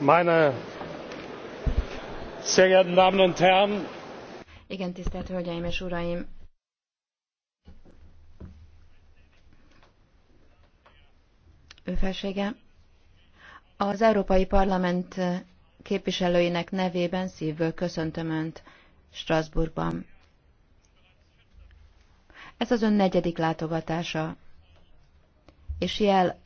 meine sehr geehrten Damen und Herren! Igen, tisztelt Hölgyeim és Uraim! Ő felsége, az Európai Parlament képviselőinek nevében szívből köszöntöm Önt Strasbourgban. Ez az Ön negyedik látogatása, és jel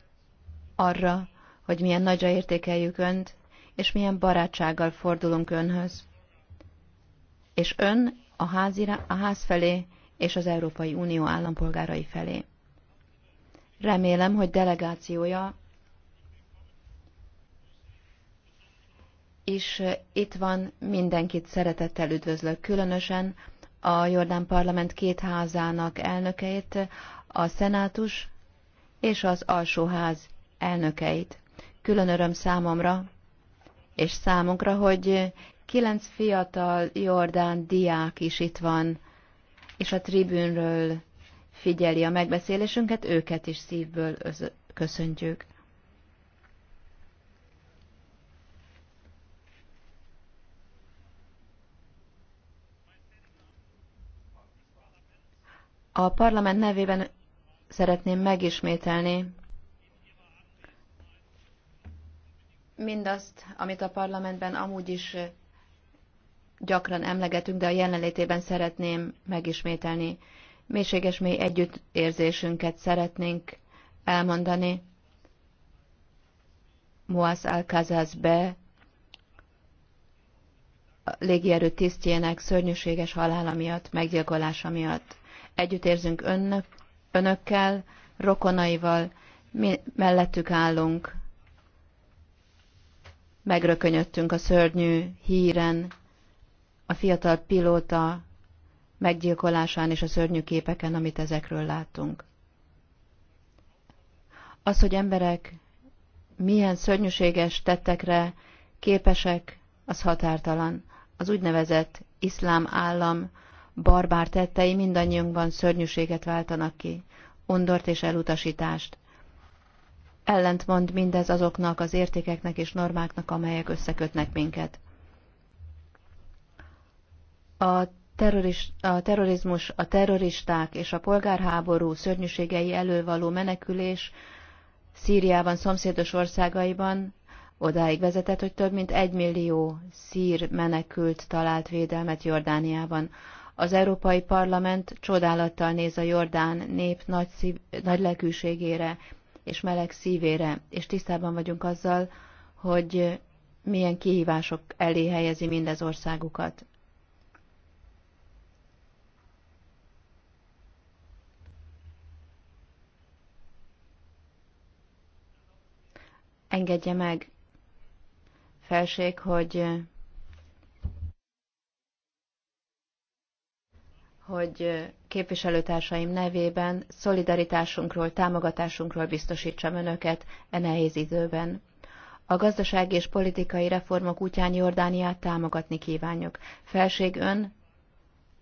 arra, hogy milyen nagyra értékeljük Önt, és milyen barátsággal fordulunk önhöz. És ön a, házira, a ház felé és az Európai Unió állampolgárai felé. Remélem, hogy delegációja is eh, itt van, mindenkit szeretettel üdvözlök, különösen a Jordán Parlament két házának elnökeit, a szenátus és az alsóház elnökeit. Külön öröm számomra, és számunkra, hogy kilenc fiatal jordán diák is itt van, és a tribünről figyeli a megbeszélésünket, őket is szívből köszöntjük. A parlament nevében szeretném megismételni, mindazt, amit a parlamentben amúgy is gyakran emlegetünk, de a jelenlétében szeretném megismételni. Mélységes mély együttérzésünket szeretnénk elmondani. Moaz a légierő tisztjének szörnyűséges halála miatt, meggyilkolása miatt. Együttérzünk önök, önökkel, rokonaival, mi mellettük állunk, megrökönyödtünk a szörnyű híren, a fiatal pilóta meggyilkolásán és a szörnyű képeken, amit ezekről láttunk. Az, hogy emberek milyen szörnyűséges tettekre képesek, az határtalan. Az úgynevezett iszlám állam barbár tettei mindannyiunkban szörnyűséget váltanak ki, undort és elutasítást ellentmond mindez azoknak az értékeknek és normáknak, amelyek összekötnek minket. A, terroris, a terrorizmus, a terroristák és a polgárháború szörnyűségei elől való menekülés Szíriában, szomszédos országaiban odáig vezetett, hogy több mint egy millió szír menekült talált védelmet Jordániában. Az Európai Parlament csodálattal néz a Jordán nép nagy, szív, nagy lelkűségére, és meleg szívére, és tisztában vagyunk azzal, hogy milyen kihívások elé helyezi mindez országukat. Engedje meg, felség, hogy hogy képviselőtársaim nevében szolidaritásunkról, támogatásunkról biztosítsam önöket e nehéz időben. A gazdasági és politikai reformok útján Jordániát támogatni kívánjuk. Felség ön,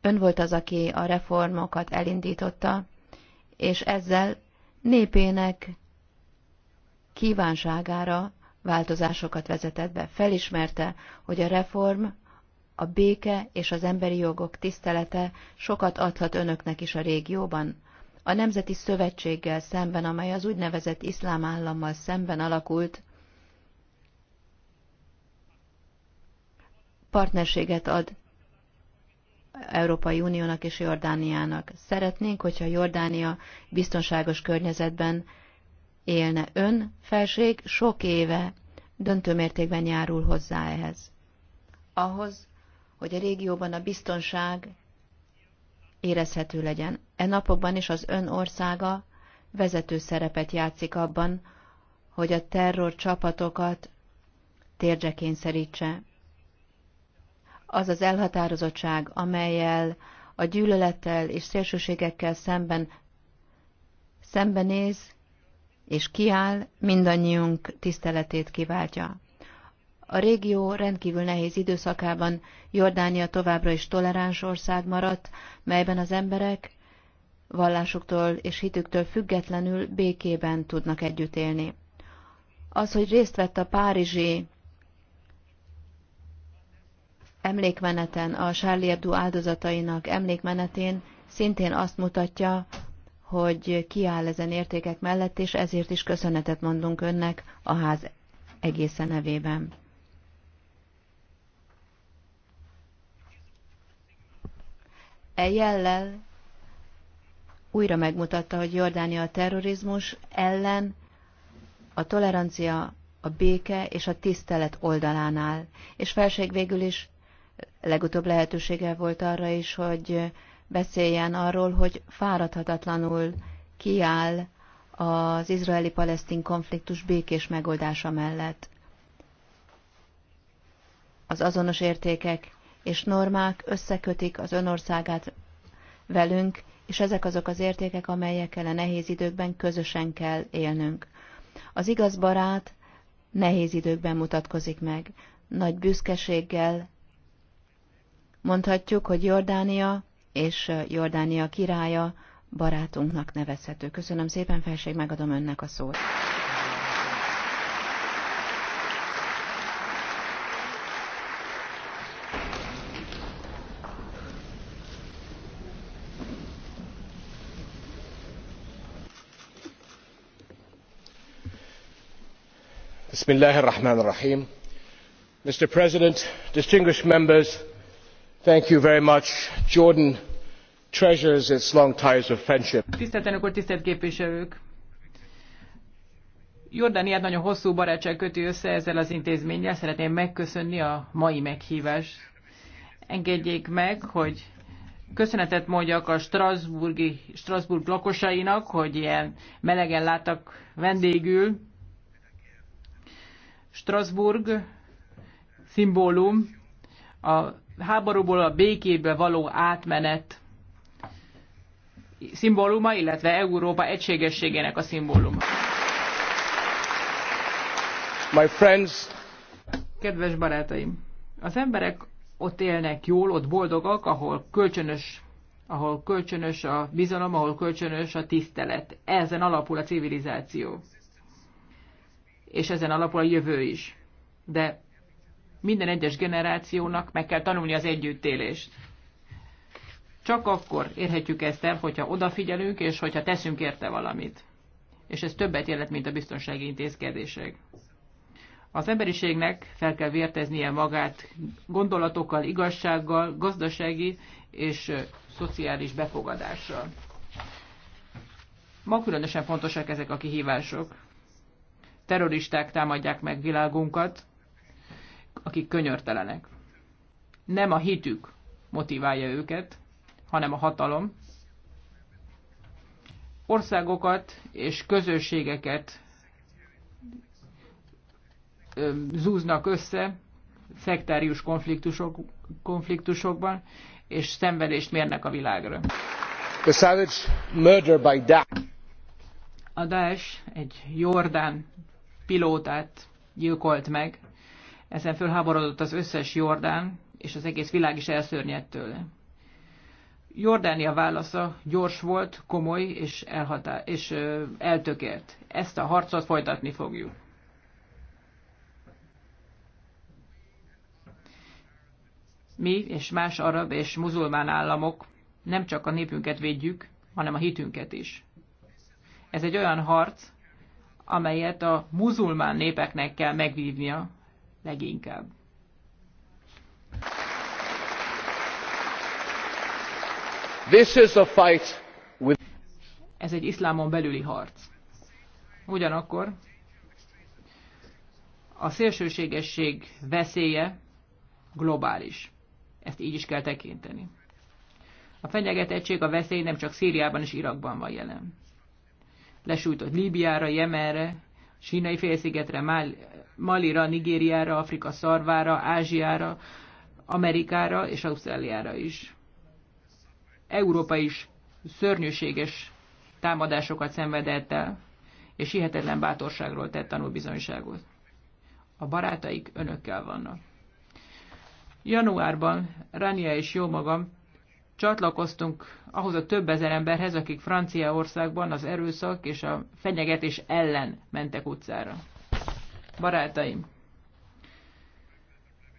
ön volt az, aki a reformokat elindította, és ezzel népének kívánságára változásokat vezetett be. Felismerte, hogy a reform a béke és az emberi jogok tisztelete sokat adhat önöknek is a régióban. A Nemzeti Szövetséggel szemben, amely az úgynevezett iszlám állammal szemben alakult, partnerséget ad Európai Uniónak és Jordániának. Szeretnénk, hogyha Jordánia biztonságos környezetben élne ön, felség sok éve döntő mértékben járul hozzá ehhez. Ahhoz, hogy a régióban a biztonság érezhető legyen. E napokban is az ön országa vezető szerepet játszik abban, hogy a terror csapatokat térdre kényszerítse. Az az elhatározottság, amelyel a gyűlölettel és szélsőségekkel szemben szembenéz és kiáll, mindannyiunk tiszteletét kiváltja. A régió rendkívül nehéz időszakában Jordánia továbbra is toleráns ország maradt, melyben az emberek vallásuktól és hitüktől függetlenül békében tudnak együtt élni. Az, hogy részt vett a párizsi emlékmeneten, a Charlie Hebdo áldozatainak emlékmenetén szintén azt mutatja, hogy kiáll ezen értékek mellett, és ezért is köszönetet mondunk önnek a ház egészen nevében. E jellel újra megmutatta, hogy Jordánia a terrorizmus ellen a tolerancia, a béke és a tisztelet oldalán áll. És felség végül is legutóbb lehetősége volt arra is, hogy beszéljen arról, hogy fáradhatatlanul kiáll az izraeli-palesztin konfliktus békés megoldása mellett. Az azonos értékek és normák összekötik az önországát velünk, és ezek azok az értékek, amelyekkel a nehéz időkben közösen kell élnünk. Az igaz barát nehéz időkben mutatkozik meg. Nagy büszkeséggel mondhatjuk, hogy Jordánia és Jordánia királya barátunknak nevezhető. Köszönöm szépen, felség, megadom önnek a szót. mr president distinguished members thank you very much. jordan treasures its long ties of friendship. tisztelt elnök úr tisztelt képviselők! jordániát nagyon hosszú barátság köti össze ezzel az intézménnyel. szeretném megköszönni a mai meghívást. engedjék meg hogy köszönetet mondjak a Strasbourgi strasbourg lakosainak hogy ilyen melegen láttak vendégül Strasbourg szimbólum, a háborúból a békébe való átmenet szimbóluma, illetve Európa egységességének a szimbóluma. My friends. Kedves barátaim, az emberek ott élnek jól, ott boldogak, ahol kölcsönös ahol kölcsönös a bizalom, ahol kölcsönös a tisztelet. Ezen alapul a civilizáció és ezen alapul a jövő is. De minden egyes generációnak meg kell tanulni az együttélést. Csak akkor érhetjük ezt el, hogyha odafigyelünk, és hogyha teszünk érte valamit. És ez többet jelent, mint a biztonsági intézkedések. Az emberiségnek fel kell vérteznie magát gondolatokkal, igazsággal, gazdasági és szociális befogadással. Ma különösen fontosak ezek a kihívások terroristák támadják meg világunkat, akik könyörtelenek. Nem a hitük motiválja őket, hanem a hatalom. Országokat és közösségeket zúznak össze szektárius konfliktusok, konfliktusokban, és szenvedést mérnek a világra. The savage murder by Daesh. A Daesh egy Jordán pilótát gyilkolt meg. Ezen fölháborodott az összes Jordán, és az egész világ is elszörnyedt tőle. Jordánia válasza gyors volt, komoly és, elhatá- és ö, eltökélt. Ezt a harcot folytatni fogjuk. Mi és más arab és muzulmán államok nem csak a népünket védjük, hanem a hitünket is. Ez egy olyan harc, amelyet a muzulmán népeknek kell megvívnia leginkább. This is a fight with... Ez egy iszlámon belüli harc. Ugyanakkor a szélsőségesség veszélye globális. Ezt így is kell tekinteni. A fenyegetettség, a veszély nem csak Szíriában és Irakban van jelen lesújtott Líbiára, Jemenre, Sínai félszigetre, Malira, Nigériára, Afrika szarvára, Ázsiára, Amerikára és Ausztráliára is. Európa is szörnyűséges támadásokat szenvedett el, és hihetetlen bátorságról tett tanulbizonyságot. A barátaik önökkel vannak. Januárban Rania és jó magam csatlakoztunk ahhoz a több ezer emberhez, akik Franciaországban az erőszak és a fenyegetés ellen mentek utcára. Barátaim,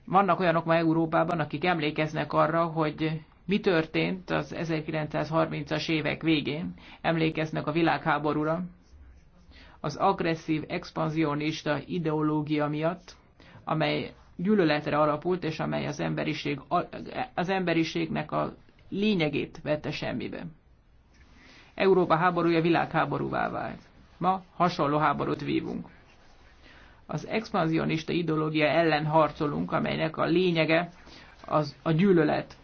vannak olyanok ma Európában, akik emlékeznek arra, hogy mi történt az 1930-as évek végén, emlékeznek a világháborúra, az agresszív, expanzionista ideológia miatt, amely gyűlöletre alapult, és amely az, emberiség, az emberiségnek a lényegét vette semmibe. Európa háborúja világháborúvá vált. Ma hasonló háborút vívunk. Az expanzionista ideológia ellen harcolunk, amelynek a lényege az a gyűlölet.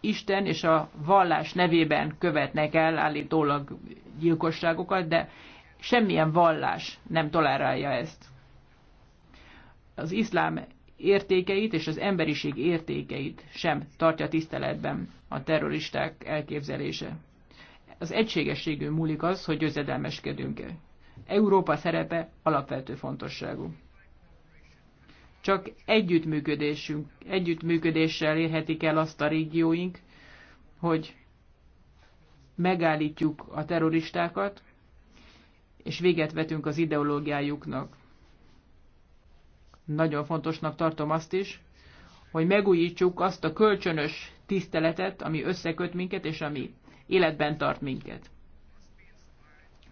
Isten és a vallás nevében követnek el állítólag gyilkosságokat, de semmilyen vallás nem tolerálja ezt. Az iszlám értékeit és az emberiség értékeit sem tartja tiszteletben a terroristák elképzelése. Az egységességünk múlik az, hogy győzedelmeskedünk-e. Európa szerepe alapvető fontosságú. Csak együttműködésünk, együttműködéssel érhetik el azt a régióink, hogy megállítjuk a terroristákat, és véget vetünk az ideológiájuknak. Nagyon fontosnak tartom azt is, hogy megújítsuk azt a kölcsönös tiszteletet, ami összeköt minket, és ami életben tart minket.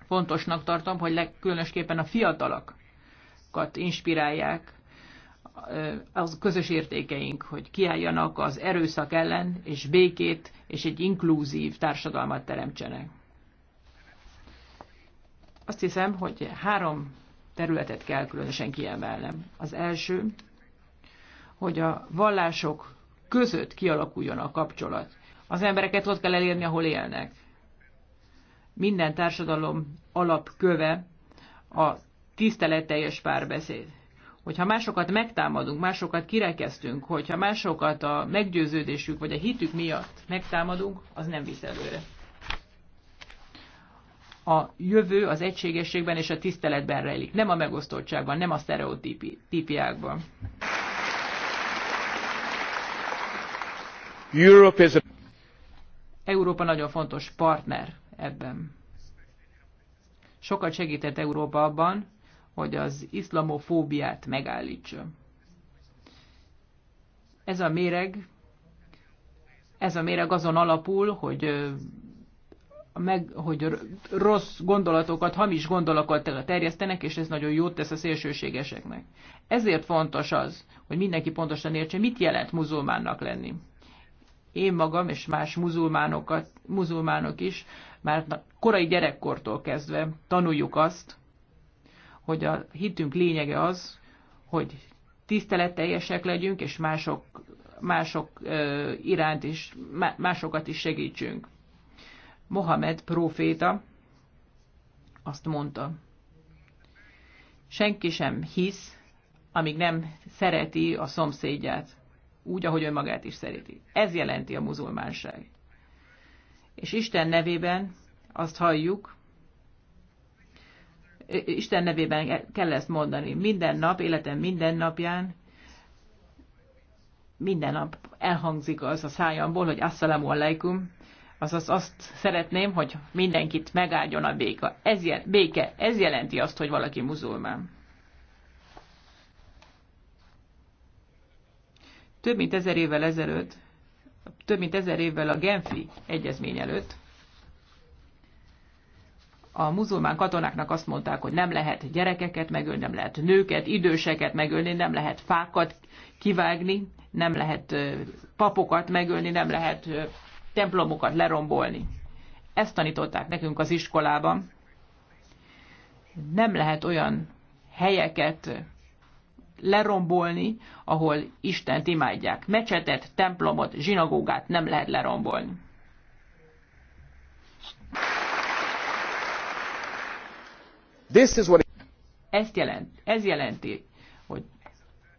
Fontosnak tartom, hogy leg, különösképpen a fiatalakat inspirálják az közös értékeink, hogy kiálljanak az erőszak ellen, és békét, és egy inkluzív társadalmat teremtsenek. Azt hiszem, hogy három területet kell különösen kiemelnem. Az első, hogy a vallások között kialakuljon a kapcsolat. Az embereket ott kell elérni, ahol élnek. Minden társadalom alapköve a tiszteletteljes párbeszéd. Hogyha másokat megtámadunk, másokat kirekeztünk, hogyha másokat a meggyőződésük vagy a hitük miatt megtámadunk, az nem visz előre a jövő az egységességben és a tiszteletben rejlik, nem a megosztottságban, nem a sztereotípiákban. Európa nagyon fontos partner ebben. Sokat segített Európa abban, hogy az iszlamofóbiát megállítsa. Ez a méreg, ez a méreg azon alapul, hogy meg, hogy rossz gondolatokat, hamis gondolatokat terjesztenek, és ez nagyon jót tesz a szélsőségeseknek. Ezért fontos az, hogy mindenki pontosan értse, mit jelent muzulmánnak lenni. Én magam és más muzulmánokat, muzulmánok is már korai gyerekkortól kezdve tanuljuk azt, hogy a hitünk lényege az, hogy tiszteletteljesek legyünk, és mások, mások iránt is, másokat is segítsünk Mohamed próféta azt mondta, senki sem hisz, amíg nem szereti a szomszédját, úgy, ahogy önmagát is szereti. Ez jelenti a muzulmánság. És Isten nevében azt halljuk, Isten nevében kell ezt mondani. Minden nap, életem minden napján, minden nap elhangzik az a szájamból, hogy assalamu alaikum, azaz azt szeretném, hogy mindenkit megáldjon a béka. Ez, jel, béke, ez jelenti azt, hogy valaki muzulmán. Több mint ezer évvel ezelőtt, több mint ezer évvel a Genfi egyezmény előtt a muzulmán katonáknak azt mondták, hogy nem lehet gyerekeket megölni, nem lehet nőket, időseket megölni, nem lehet fákat kivágni, nem lehet papokat megölni, nem lehet templomokat lerombolni. Ezt tanították nekünk az iskolában. Nem lehet olyan helyeket lerombolni, ahol Isten imádják. Mecsetet, templomot, zsinagógát nem lehet lerombolni. This is what... Ezt jelent, ez jelenti, hogy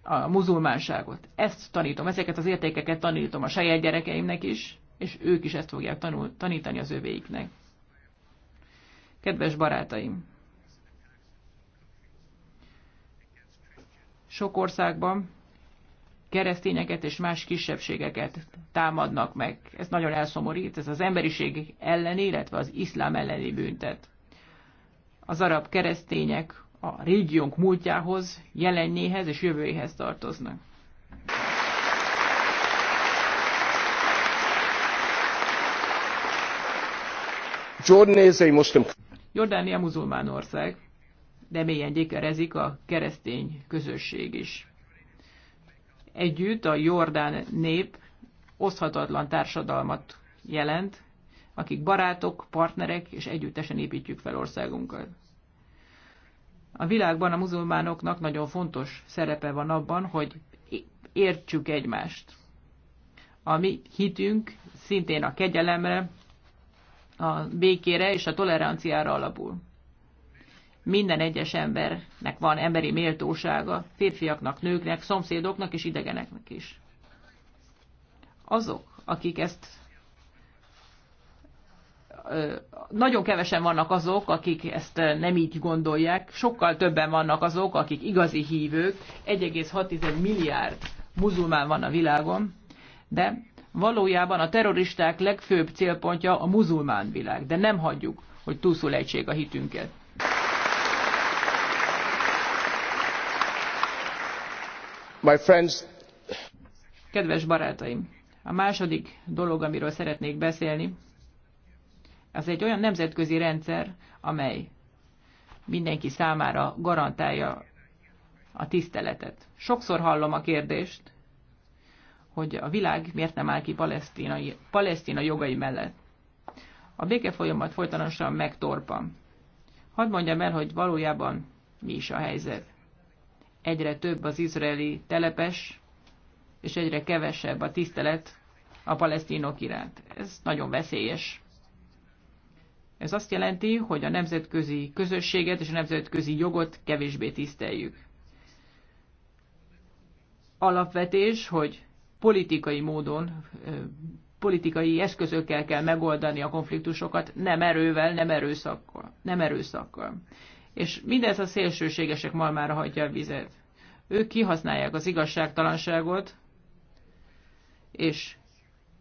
a muzulmánságot. Ezt tanítom, ezeket az értékeket tanítom a saját gyerekeimnek is és ők is ezt fogják tanul, tanítani az övéiknek. Kedves barátaim! Sok országban keresztényeket és más kisebbségeket támadnak meg. Ez nagyon elszomorít, ez az emberiség elleni, illetve az iszlám elleni büntet. Az arab keresztények a régiónk múltjához, jelenjéhez és jövőjéhez tartoznak. Jordan is a Muslim... Jordánia muzulmán ország, de mélyen gyökerezik a keresztény közösség is. Együtt a jordán nép oszthatatlan társadalmat jelent, akik barátok, partnerek, és együttesen építjük fel országunkat. A világban a muzulmánoknak nagyon fontos szerepe van abban, hogy értsük egymást. A mi hitünk szintén a kegyelemre, a békére és a toleranciára alapul. Minden egyes embernek van emberi méltósága, férfiaknak, nőknek, szomszédoknak és idegeneknek is. Azok, akik ezt nagyon kevesen vannak azok, akik ezt nem így gondolják, sokkal többen vannak azok, akik igazi hívők, 1,6 milliárd muzulmán van a világon, de Valójában a terroristák legfőbb célpontja a muzulmán világ, de nem hagyjuk, hogy túlszul egység a hitünket. My friends. Kedves barátaim, a második dolog, amiről szeretnék beszélni, az egy olyan nemzetközi rendszer, amely mindenki számára garantálja a tiszteletet. Sokszor hallom a kérdést, hogy a világ miért nem áll ki palesztinai, palesztina jogai mellett. A béke folyamat folytonosan megtorpan. Hadd mondjam el, hogy valójában mi is a helyzet. Egyre több az izraeli telepes, és egyre kevesebb a tisztelet a palesztinok iránt. Ez nagyon veszélyes. Ez azt jelenti, hogy a nemzetközi közösséget és a nemzetközi jogot kevésbé tiszteljük. Alapvetés, hogy politikai módon, politikai eszközökkel kell megoldani a konfliktusokat, nem erővel, nem erőszakkal. Nem erőszakkal. És mindez a szélsőségesek malmára hagyja a vizet. Ők kihasználják az igazságtalanságot, és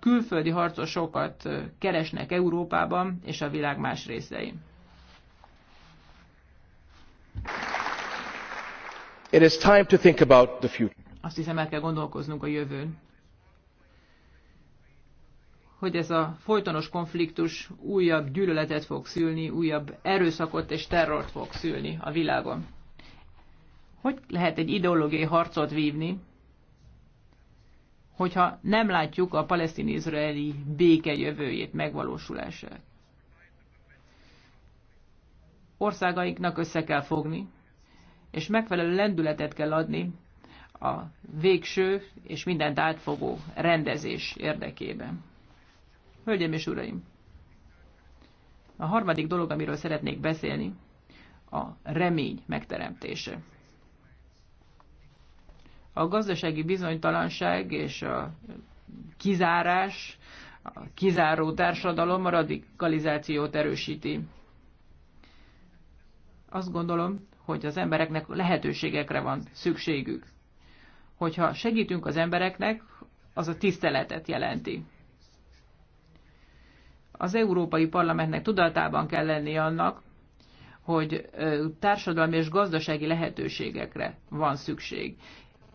külföldi harcosokat keresnek Európában és a világ más részein. It is time to think about the future. Azt hiszem, el kell gondolkoznunk a jövőn hogy ez a folytonos konfliktus újabb gyűlöletet fog szülni, újabb erőszakot és terrort fog szülni a világon. Hogy lehet egy ideológiai harcot vívni, hogyha nem látjuk a palesztin-izraeli béke jövőjét, megvalósulását? Országainknak össze kell fogni, és megfelelő lendületet kell adni a végső és mindent átfogó rendezés érdekében. Hölgyeim és uraim! A harmadik dolog, amiről szeretnék beszélni, a remény megteremtése. A gazdasági bizonytalanság és a kizárás, a kizáró társadalom a radikalizációt erősíti. Azt gondolom, hogy az embereknek lehetőségekre van szükségük. Hogyha segítünk az embereknek, az a tiszteletet jelenti. Az Európai Parlamentnek tudatában kell lenni annak, hogy társadalmi és gazdasági lehetőségekre van szükség.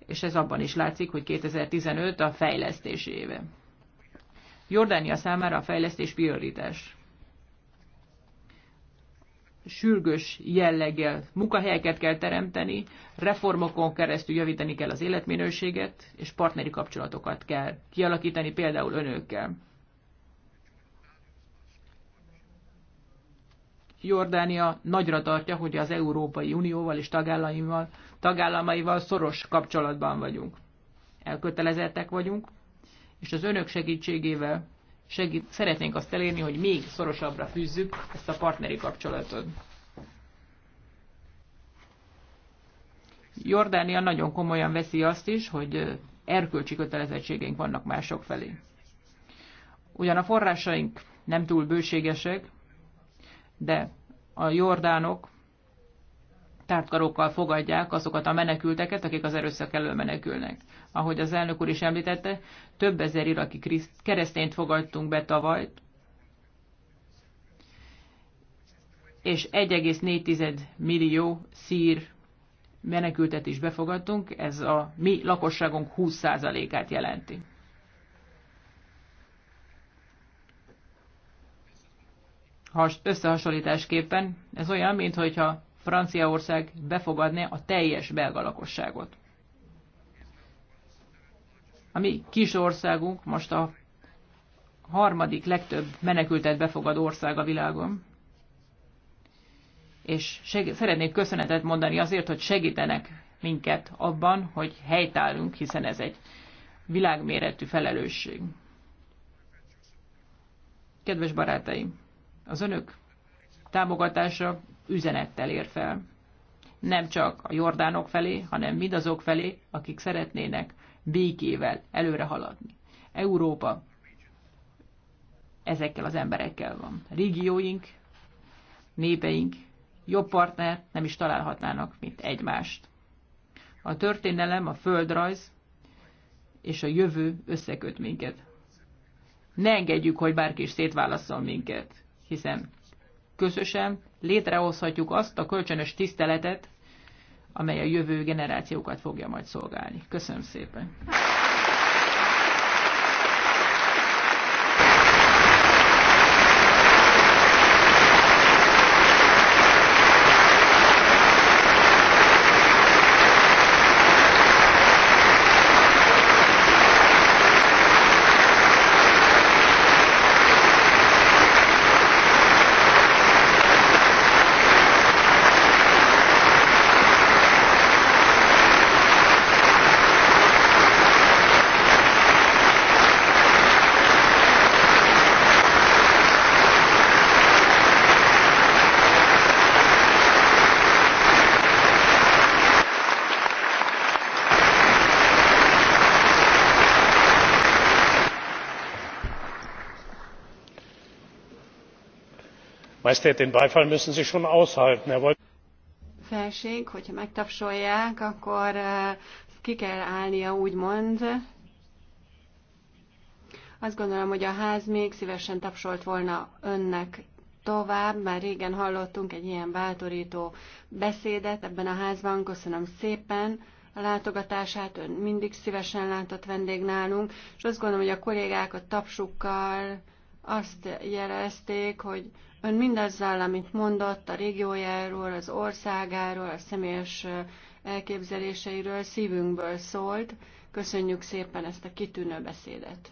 És ez abban is látszik, hogy 2015 a fejlesztés éve. Jordánia számára a fejlesztés prioritás. Sürgős jelleggel munkahelyeket kell teremteni, reformokon keresztül javítani kell az életminőséget, és partneri kapcsolatokat kell kialakítani például önökkel. Jordánia nagyra tartja, hogy az Európai Unióval és tagállamaival, tagállamaival szoros kapcsolatban vagyunk. Elkötelezettek vagyunk, és az önök segítségével segít, szeretnénk azt elérni, hogy még szorosabbra fűzzük ezt a partneri kapcsolatot. Jordánia nagyon komolyan veszi azt is, hogy erkölcsi kötelezettségeink vannak mások felé. Ugyan a forrásaink nem túl bőségesek, de a jordánok tártkarókkal fogadják azokat a menekülteket, akik az erőszak elől menekülnek. Ahogy az elnök úr is említette, több ezer iraki keresztényt fogadtunk be tavaly, és 1,4 millió szír menekültet is befogadtunk, ez a mi lakosságunk 20%-át jelenti. összehasonlításképpen ez olyan, mintha Franciaország befogadné a teljes belga lakosságot. A mi kis országunk most a harmadik legtöbb menekültet befogadó ország a világon. És seg- szeretnék köszönetet mondani azért, hogy segítenek minket abban, hogy helytállunk, hiszen ez egy világméretű felelősség. Kedves barátaim! az önök támogatása üzenettel ér fel. Nem csak a jordánok felé, hanem mindazok felé, akik szeretnének békével előre haladni. Európa ezekkel az emberekkel van. régióink, népeink jobb partner nem is találhatnának, mint egymást. A történelem, a földrajz és a jövő összeköt minket. Ne engedjük, hogy bárki is szétválasszon minket hiszen közösen létrehozhatjuk azt a kölcsönös tiszteletet, amely a jövő generációkat fogja majd szolgálni. Köszönöm szépen! majestät den beifall müssen sie schon aushalten. er wollte. felség hogyha megtapsolják akkor ki kell állnia úgymond. Azt gondolom, hogy a ház még szívesen tapsolt volna önnek tovább. Már régen hallottunk egy ilyen bátorító beszédet ebben a házban. Köszönöm szépen a látogatását. Ön mindig szívesen látott vendég nálunk, és azt gondolom, hogy a a tapsukkal, azt jelezték, hogy ön mindazzal, amit mondott a régiójáról, az országáról, a személyes elképzeléseiről szívünkből szólt. Köszönjük szépen ezt a kitűnő beszédet!